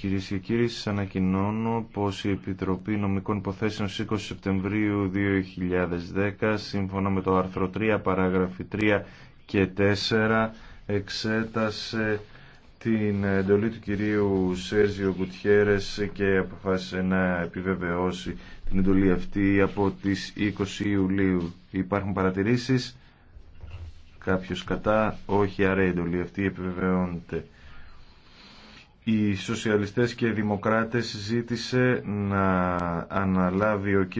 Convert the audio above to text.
Κυρίε και κύριοι, σα ανακοινώνω πω η Επιτροπή Νομικών Υποθέσεων στι 20 Σεπτεμβρίου 2010, σύμφωνα με το άρθρο 3, παράγραφοι 3 και 4, εξέτασε την εντολή του κυρίου Σέρζιο Γκουτιέρε και αποφάσισε να επιβεβαιώσει την εντολή αυτή από τις 20 Ιουλίου. Υπάρχουν παρατηρήσεις. κάποιο κατά. Όχι, άρα η εντολή αυτή επιβεβαιώνεται οι σοσιαλιστές και οι δημοκράτες ζήτησε να αναλάβει ο κ.